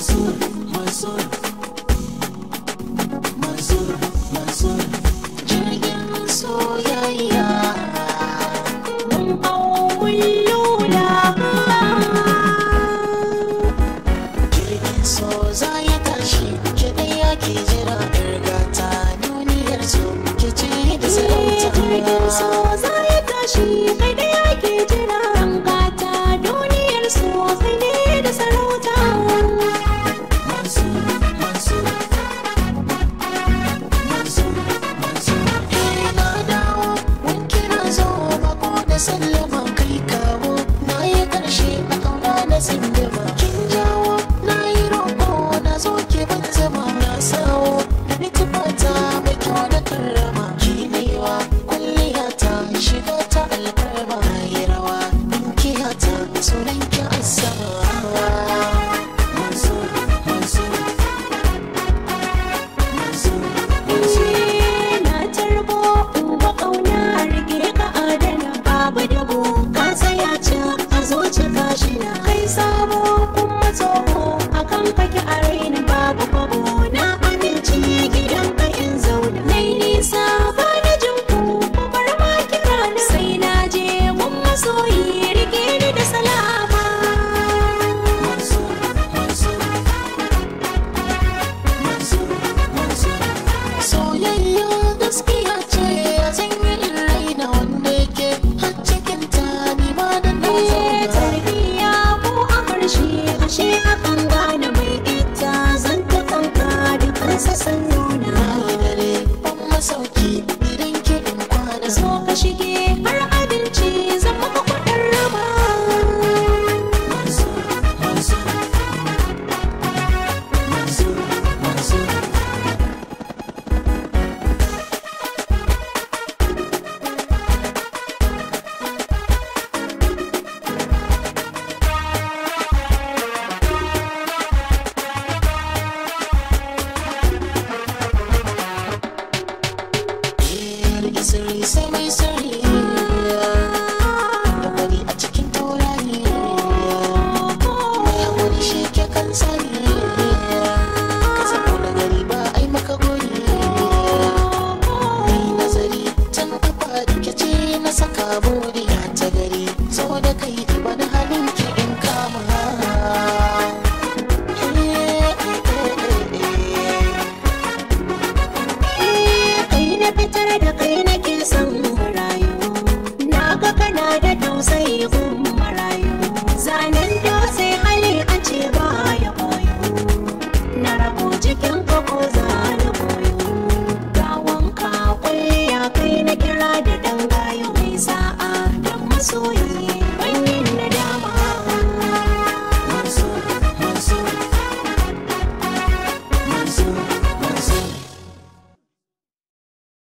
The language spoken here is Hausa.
soul, my soul. sirri sai mai sirri da kwari a cikin taurari mai hakuri shi ke kan sani ka sako da gari ba ai maka gori mai nazari tun da kwa ce na saka buri ta gari sau da kai